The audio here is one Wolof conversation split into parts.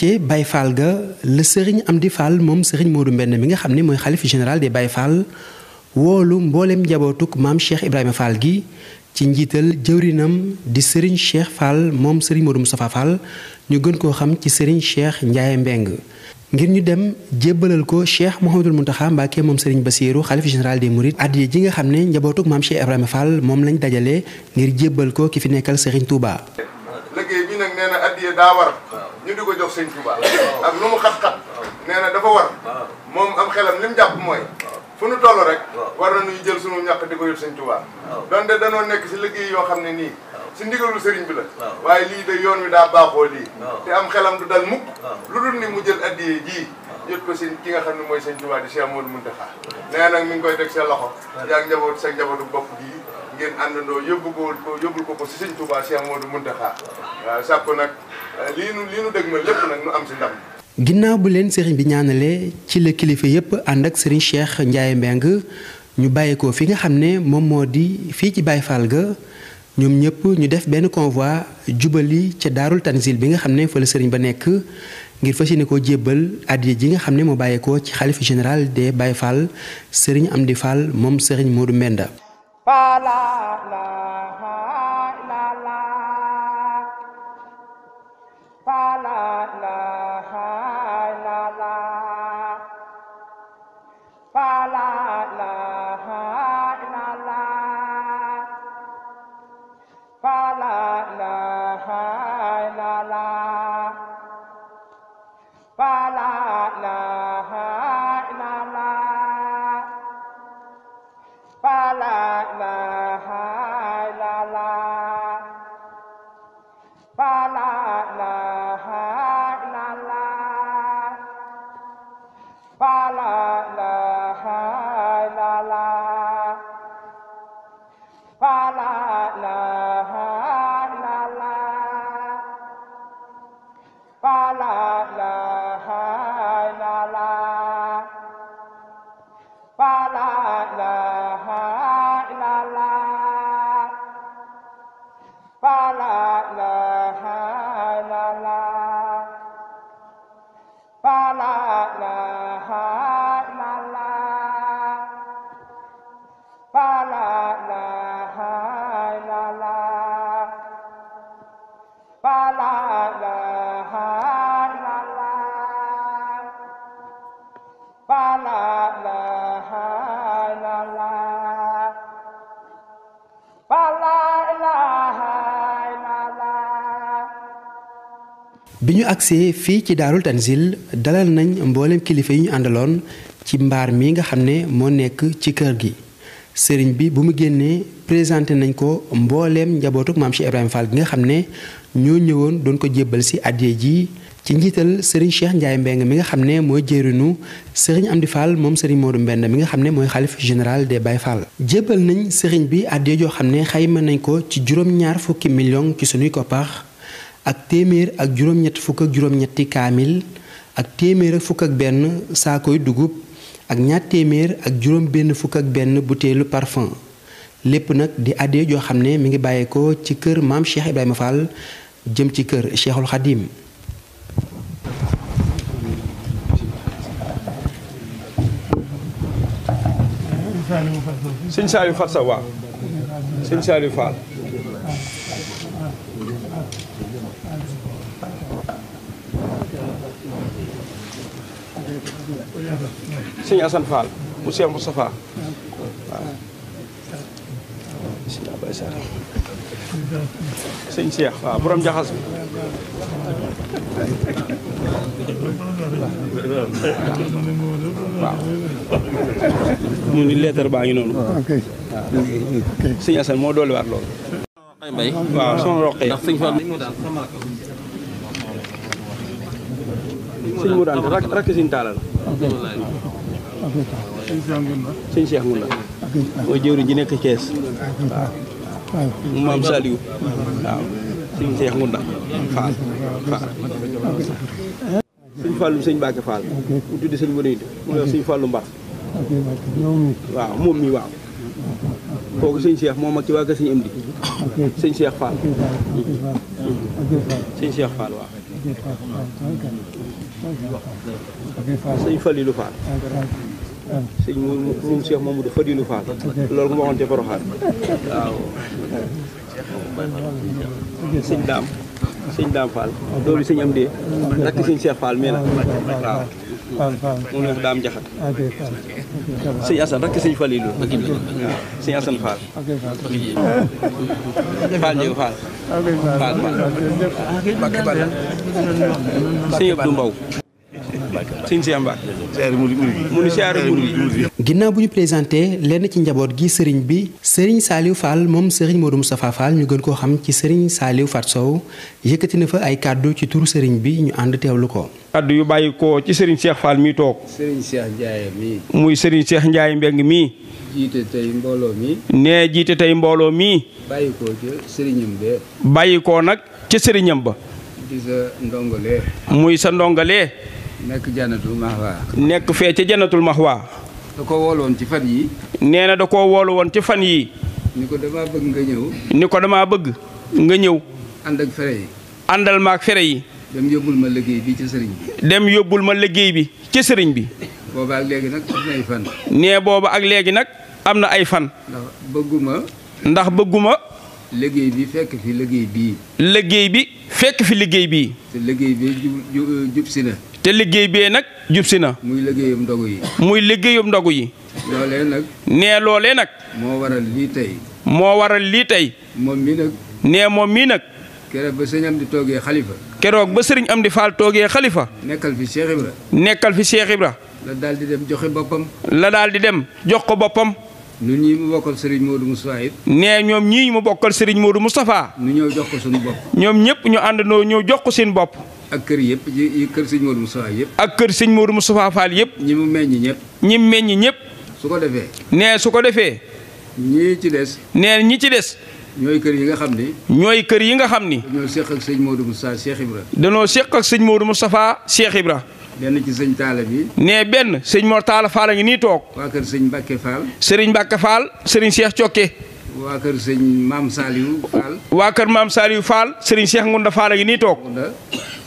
ci Baye Fall ga la am di Fall moom Serigne Modou Mbenn mi nga xam ne mooy xalif général des Baye Fall woolu mbooleem njabootuk maam Cheikh Ibrahima Fall gi ci njiital jëwrinam di Serigne Cheikh Fall moom Serigne Modou Moustapha Fall ñu gën koo xam ci Serigne Cheikh Ndiaye Mbeng ngir ñu dem jébbalal ko Cheikh Mouhamadul Mountakha Mbacké moom Serigne Bassirou xalif général des Mourides addiya ji nga xam ne njabootuk maam Cheikh Ibrahima Fall moom lañ dajale ngir jébbal ko ki fi nekkal Serigne Touba. addiya daa war ñu di ko jox sëñ Tuubaa ak lu mu xat-xat nee na dafa war moom am xelam li mu jàpp mooy fu nu toll rek war na ñuy jël sunu ñàkk di ko yót sëñ Tuubaa donte danoo nekk si liggéey yoo xam ne nii si ndigalul sëriñ bi la waaye lii de yoon wi daa baaxoo lii te am xelam du dal mukk lu dul ni mu jël addiya jii jot ko seen ki nga xam ne mooy sëñ Tuubaa di Cheikh Amadou Mountakha nee nag mi ngi koy teg sa loxo yaa njaboot sa njabootu bopp gi ngeen àndandoo yóbbu ko yóbbul ko ko si sëñ Tuubaa Cheikh Amadou Mountakha waaw sàkku nag eh, lii nu lii nu dëgg ma lépp nag nu am si ndam ginnaaw bu leen sëriñ bi ñaanale ci la kilifa yépp ànd ak sëriñ Cheikh njaay Mbengue ñu bàyyeekoo fi nga xam ne moom moo di fii ci Baye Fall ga ñoom ñëpp ñu def benn convoi jubali ca daarul tanzil bi nga xam ne fa ba nekk ngir fas yéene koo jébbal addiya ji nga xam ne moo bàyyeekoo ci xalif général des Baye Fall am di Fall moom Serigne Modou Mbenda. bi ñu agsee fii ci daarul tanzil dalal nañ mbooleem kilifa yi ñu àndaloon ci mbaar mi nga xam ne moo nekk ci kër gi sëriñ bi bu mu génnee présenté nañ ko mbooleem njabootuk maam Cheikh Ibrahima Fall gi nga xam ne ñoo ñëwoon doon ko jébbal si addiya ji ci njiital sëriñ Cheikh Ndiaye Mbeng mi nga xam ne mooy jëriñu sëriñ Amdi Fall moom sëriñ Modou mbenn mi nga xam ne mooy xalifa général des Baye Fall. jébbal nañ sëriñ bi addiya joo xam ne xayma nañ ko ci juróom fukki million ci sunuy koppar. ak téeméer ak juróom ñetti kaamil ak téeméer ak benn saakoy dugub ak ñaar téeméer ak juróom benn fukk ak benn butéelu parfum lépp nag di adde joo xam ne mi ngi bàyyeekoo ci kër maam Cheikh Ibrahima Fall jëm ci kër Cheikhul Khadim sëñ Assane Fall mu Cheikh Moustapha waaw sëñ Abay Sarr sëñ Cheikh waaw borom jaxas bi ni leetar baa ngi noonu waaw ah, sëñ Assane moo dolliwaat loolu Baye Mbaye waaw soxna Roqe ndax sëñ Fall sëñ Mourante rak rak sëñ Taala la mooy jëwriñ ji nekk Thiès waaw mu maam Saliou waaw sëñ Cheikh Ngounda Fall Fall sëñ Fallou sëñ Mbacke Fall mu tuddi sëñ Mourante mu ne sëñ Fallou Mbar waaw moom mi waaw kooku sëñ Cheikh moom ak ci waa kër sëñ Amdi sëñ Cheikh Fall sëñ Cheikh Fall waaw sëñ Falilou Fall sëñ moom moom Cheikh Mamadou Falilou Fall loolu nga waxoon ca waaw sëñ Daam sëñ Daam Fall doomi sëñ Amdi rakk sëñ Cheikh Fall mii la waaw moom la daam jaxat sëñ Assane rakk sëñ Fall yi loolu waaw sëñ Assane Fall Fall Ndiégu Fall Fall Fall sëñ Abdou Mbow sëñ ginnaaw bu ñu présenté lenn ci njaboot gi sëriñ bi sëriñ Saliou Fall moom sëriñ Modou Moustapha Fall ñu gën koo xam ci sëriñ Saliou Fat Sow yëkkati na fa ay kàddu ci tur sëriñ bi ñu ànd teewlu ko kàddu yu bàyyi ko ci sëriñ Cheikh Fall mi toog sëriñ muy sëriñ Cheikh Ndiaye Mbeng mii mi nee jiite tey mbooloo mii bàyyi ko nag ca sëriñam ba di sa ndongalee muy sa ndongalee nekk janatul maxwa. nekk fee ca janatul maxwa. da ko woolu woon ci fan yii. nee na da ko wool woon ci fan yii. ni ko damaa bëgg nga ñëw. ni ko damaa bëgg nga ñëw. ànd ak fere yi. àndal maak fere yi. dem yóbbul ma liggéey bi ci sëriñ bi. dem yóbbul ma liggéey bi ci sëriñ bi. booba ak léegi nag am na ay fan. nee booba ak léegi nag am na ay fan. ndax bëgguma. ndax bëgguma. liggéey bi fekk fi liggéey bi liggéey bi fekk fi liggéey bii. te liggéey bi jub na. te liggéey bee nag jub si na. muy liggéeyum ndogu yi. muy liggéeyum ndogu yi. loolee nag. nee loolee nag. moo waral lii tey. moo waral lii tey. moom mii nag. nee moom mii nag. keroog ba sëriñ am di toogee xalifa. keroog ba sëriñ am di faal toogee xalifa. nekkal fi Cheikh Ibra. nekkal fi Cheikh Ibra. la daal di dem joxe boppam. la daal di dem jox ko boppam. nu ñii mu bokkal Serigne Modou Moustapha it. nee ñoom ñii mu bokkal Serigne Modou Moustapha. nu ñëw jox ko suñu bopp. ñoom ñëpp ñu àndandoo ñëw jox ko seen bopp. ak kër yëpp yi kër sëñ Modou Moustapha yëpp. ak kër sëñ Modou Moustapha Fall yëpp. ñi mu meññ ñëpp. ñi meññ ñëpp. su ko defee. nee su ko defee. ñii ci des. nee ñi ci des. ñooy kër yi nga xam ni. ñooy kër yi nga xam ni. dañoo seq ak sëñ Modou Moustapha Cheikh Ibra. dañoo seq ak sëñ Modou Moustapha Cheikh Ibra. benn ci sëñ Taala bi. nee benn sëñ moo Taala Fall a ngi nii toog. kër sëñ Mbacke Fall. sëriñ Mbacke Fall sëriñ Cheikh Cokke. waa kër sëñ maam Saliou Fall. waa kër maam Saliou Fall sëriñ Cheikh Ngunda Fall a ngi nii toog.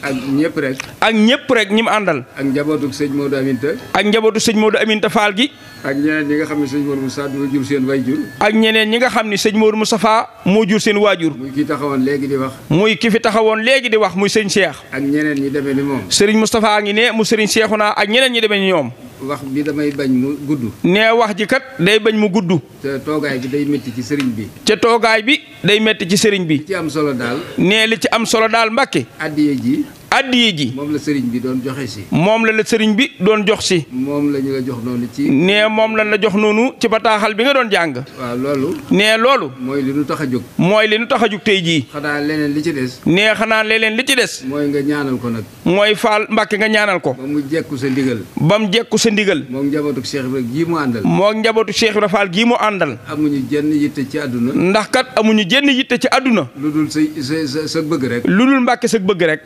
ak ñëpp rek. ak ñëpp rek ñi mu àndal. ak njabootu sëñ Modou Aminta. ak njabootu sëñ Modou Aminta Fall gi. ak ñeneen ñi nga xam ne sëñ Modou Moustapha moo jur seen waajur. ak ñeneen ñi nga xam ne sëñ Modou Moustapha moo jur seen waajur. muy kii taxawoon léegi di wax. muy ki fi taxawoon léegi di wax muy sëñ ak ñeneen ñi demee ni moom. sëriñ Moustapha a ngi ne mu sëriñ naa ak ñeneen ñi demee ni ñoom. wax bi damay bañ mu gudd. nee wax ji kat day bañ mu gudd. te toogaay bi day métti ci sëriñ bi. te toogaay bi day métti ci sëriñ bi. li ci am solo daal. nee li ci am solo daal mbàkke. addiya ji. addiye ji. moom la sëriñ bi doon joxe si. moom la la sëriñ bi doon jox si. moom la ñu la jox noonu ci. nee moom la la jox noonu ci bataaxal bi nga doon jàng. waaw loolu. nee loolu. mooy li nu tax a jóg. mooy li nu tax a jóg tey jii. xanaa leneen li ci des. nee xanaa leneen li ci des. mooy nga ñaanal ko nag. mooy Faal Mbàkke nga ñaanal ko. ba mu jekku sa ndigal. ba mu jekku sa ndigal. moog njabootu Cheikh Ibra gii mu àndal. moog njabootu Cheikh Ibra Faal gii mu àndal. amuñu jenn yitte ci àdduna. ndax kat amuñu jenn yitte ci àdduna. lu dul sa sa bëgg rek. lu dul Mbàkke sa rek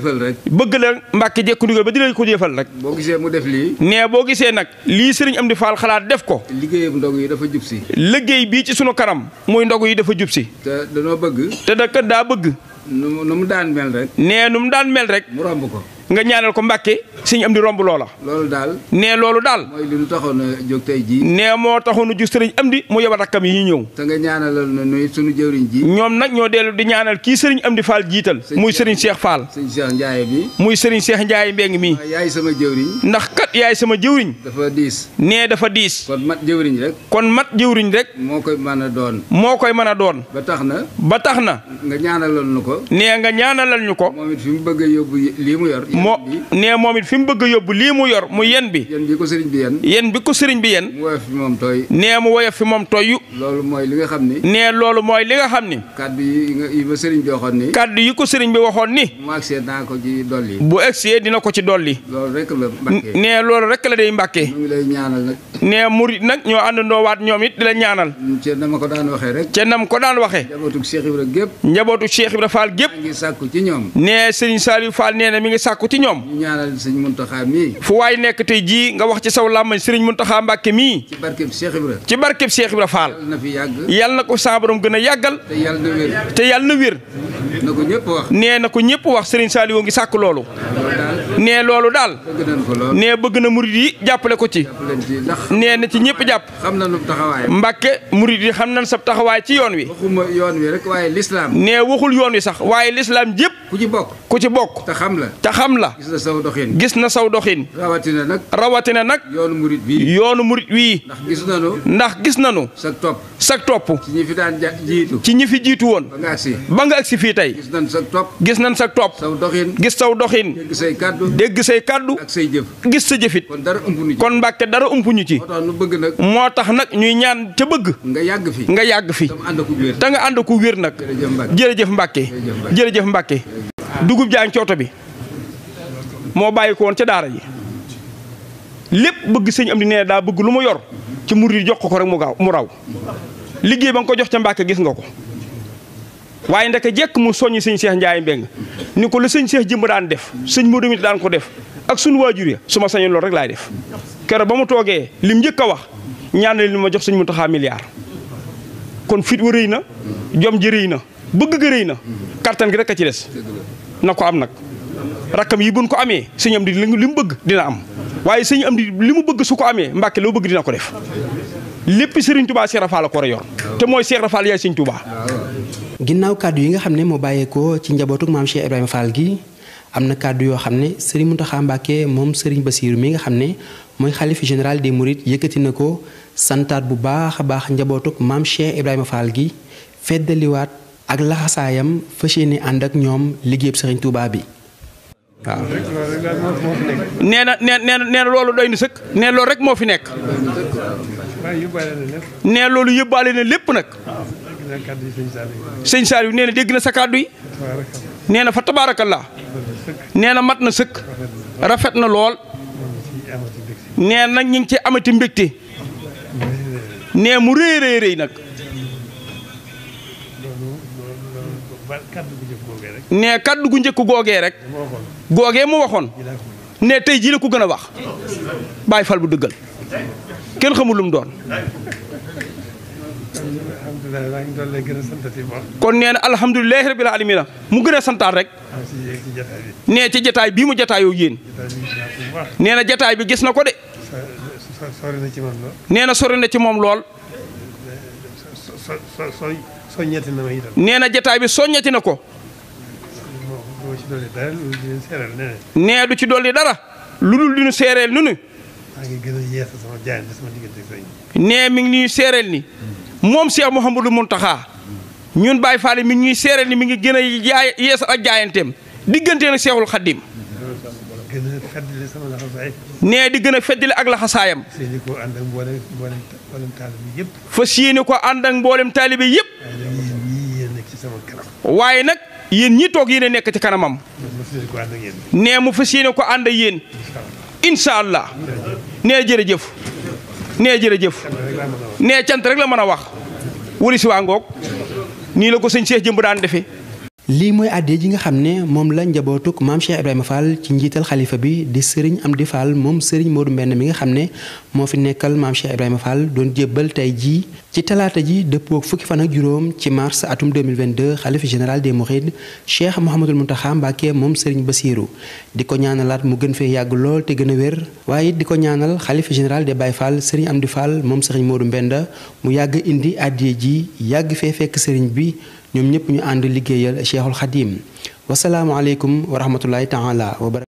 jëfal rek. bëgg la Mbàkke jekku ndigal ba di ko jëfal rek. boo gisee mu def lii. nee boo gisee nag lii sëriñ Amdi Fall xalaat def ko. liggéeyam ndog yi dafa jub si. liggéey bii ci sunu kanam muy ndogu yi dafa jub si. te danoo bëgg. te da kat daa bëgg. nu mu daan mel rek. nee nu mu daan mel rek. mu romb ko. nga ñaanal ko mbàkke sëñ am di romb loola. loolu daal. nee loolu daal. mooy li nu taxoon a jóg jii. nee moo taxoon a jóg sëriñ am di mu yebal rakkam yi ñëw. te nga ñaanalal na nuyu sunu jëwriñ ji. ñoom nag ñoo dellu di ñaanal kii sëriñ am di Fall jiital. muy sëriñ Cheikh Fall. sëriñ Cheikh Ndiaye bi. muy sëriñ Cheikh Ndiaye Mbeng mi. yaay sama jëwriñ. ndax kat yaay sama jëwriñ. dafa diis. nee dafa diis. kon mat jëwriñ rek. kon mat jëwriñ rek. moo koy mën a doon. moo koy mën a doon. ba tax na. ba tax na. nga ñaanalal ñu ko. nee nga ñaanalal ñu ko. moom it fi bëgg a lii mu moo nee moom it fi mu bëgg a yóbbu lii mu yor mu yen bi. yen bi ko sëriñ bi yen. moom tooy. nee mu woyof fi moom tooy. mooy li nga xam ni. nee loolu mooy li nga xam ni. kaddu yi nga yi ma ni. kaddu yi ko sëriñ bi waxoon ni. bu egsee naa ko ci dolli. bu egsee dina ko ci dolli. loolu rek la mbàkkee. nee loolu rek la day mbàkkee. ñu nag. nee murit nag ñoo àndandoo waat ñoom it di la ñaanal. ca nam ko daan waxee rek. ca nam ko daan waxee. njabootu Cheikh Ibra gépp. njabootu Cheikh Ibra faal gépp. nee Serigne Saliou Fall nee na mi ngi sàkku ci ñom ñaanal Serigne Mountakha mii fu way nek tay ji nga wax ci saw làmmañ Serigne muntaha Mbàkke mi ci barkeb Cheikh Ibra ci barkeb Cheikh Ibra Fall yal na fi yàgg yal na sa borom gëna yagal te yal na wér te yal na wér na ko wax nee na ko wax Serigne Saliou ngi sàkk lolu ne lolu dal ne bëgg na mourid yi jappalé ko ci ne na ci ñepp japp xam lu taxaway Mbàkke mourid yi xam nañ sab taxawaay ci yoon wi waxuma yoon wi rek waaye lislaam nee waxul yoon wi sax waye l'islam jëpp ku ci bok ku ci bok te xam la te xam la la gis na saw doxine rawatina nak rawatina nak yoonu murit wi yoonu murit wi ndax gis nanu ndax gis nanu sak top sak top ci ñi fi daan jitu ci ñi fi jitu won ba nga aksi fi tay gis nan sak top gis nan sak top saw doxin gis saw kaddu kaddu ak jëf gis sa jëfit kon dara umpuñu ci kon mbàkke dara umpuñu ci moo tax nag ñuy ñaan ca bëgg nga yag fi nga yag fi ta nga and ku wér nag jërëjëf mbàkke jërëjëf mbàkke dugub jaa ngi cooto bi moo bàyyi ko woon ca daara yi lépp bëgg sëñ am di nee daa bëgg lu mu yor ci mur yi jox ko ko rek mu gaaw mu raw liggéey ba nga ko jox ca Mbàkke gis nga ko waaye ndeke jekk mu soññ sëñ Cheikh Ndiaye Mbeng ni ko la sëñ Cheikh jëmb daan def sëñ Modou mi daan ko def ak sunu waajur ya su ma sañoon loolu rek laay def keroog ba mu toogee lim njëkk a wax ñaanal li ma jox sëñ Mountakha milliard kon fit wa rëy na jom ji rëy na bëgg ga rëy na kattan gi rek a ci des ko am nag Rakam yi buñ ko amé sëñ am di limu Wa bëgg dina am waye sëñ am di limu bëgg su ko amee mbàkke loo bëgg dina ko def lepp sëriñ touba Cheikh Rafal la ko war yor Cheikh Rafal yaay sëñ touba ginnaw kaddu yi nga xamné mo bayé ko ci njabotuk maam Cheikh ibrahim Fall gi amna kaddu yo xamné xam ne Mbacké mom sëriñ basir mi nga xamné moy khalife général des Mourides yëkëti nako santat bu baax baax njabotuk maam Cheikh ibrahim Fall gi feddaliwaat ak laxasayam Andak Nyom, ànd ak ñoom liggéeyub Touba bi waaw nee na nee na nee na loolu doy na sëkk nee loolu rek moo fi nekk nee loolu yëbbaale na lépp nag sëñ Saliou nee na dégg na sa kàddu nee na fa tabaarakallaa nee na mat na sëkk rafet na lool nee nag ñu ngi ci amati mbégte nee mu rëy rëy rëy nag ne kaddu gu njëkk googee rek googee mu waxoon ne tey jii la ko gën a wax bàyyi fal bu dëggal kenn xamul lu mu doon. kon nee na alhamdulilah la aalamiina mu gën a santaal rek nee ci jataay bii mu jataayoo yéen nee na jataay bi gis na ko de. nee na sori na ci moom lool. nee na jataay bi soññati na ko. nee du ci dolli dara lu dul di nu seereel nu nu. nee mi ngi ñuy seereel ni. moom Cheikh Mouhamadou taxaa ñun Baye Fall mi ngi ñuy seereel ni mi ngi gën a jaay yeesal ak jaayanteem diggante nag Cheikhul Khadim. nee di gën a feddali ak laxasaayam. fas yéene ko ànd ak mboolem taalibe yëpp. fas yéene ko ànd ak mboolem taalibe yëpp. waaye nag. yéen ñi toog yéen nekk ci kanamam. nee mu fas yéene ko ànd ak yéen. incha allah nee jërëjëf. nee jërëjëf. nee cant rek la mën a wax. wëri si waa ngoog nii la ko sëñ Cheikh jëmb daan defee. li moy adde ji nga xamne mom la njabotuk mam Cheikh Ibrahima Fall ci njital khalifa bi di sëriñ Amdi Fall mom serigne Modou Mbenn mi nga xamne mo fi nekkal mam Cheikh Ibrahima Fall don jébbal tay ji ci talata ji dëppook fukki fan ak juroom ci mars atum 2022 khalifa General des mourid Cheikh Mouhamadul muntaha mbake mom serigne basirou diko ñaanalat mu gën fe yag lol te gëna wër waye diko ñaanal khalifa general des Baye Fall sëriñ Amdi Fall mom serigne Modou Mbenda mu yag indi adde ji yag fe fek serigne bi ñoom ñëpp ñu ànd liggéeyal Cheikhul Khadim wasalaamualeykum wa rahmatullahi taala wa barakatu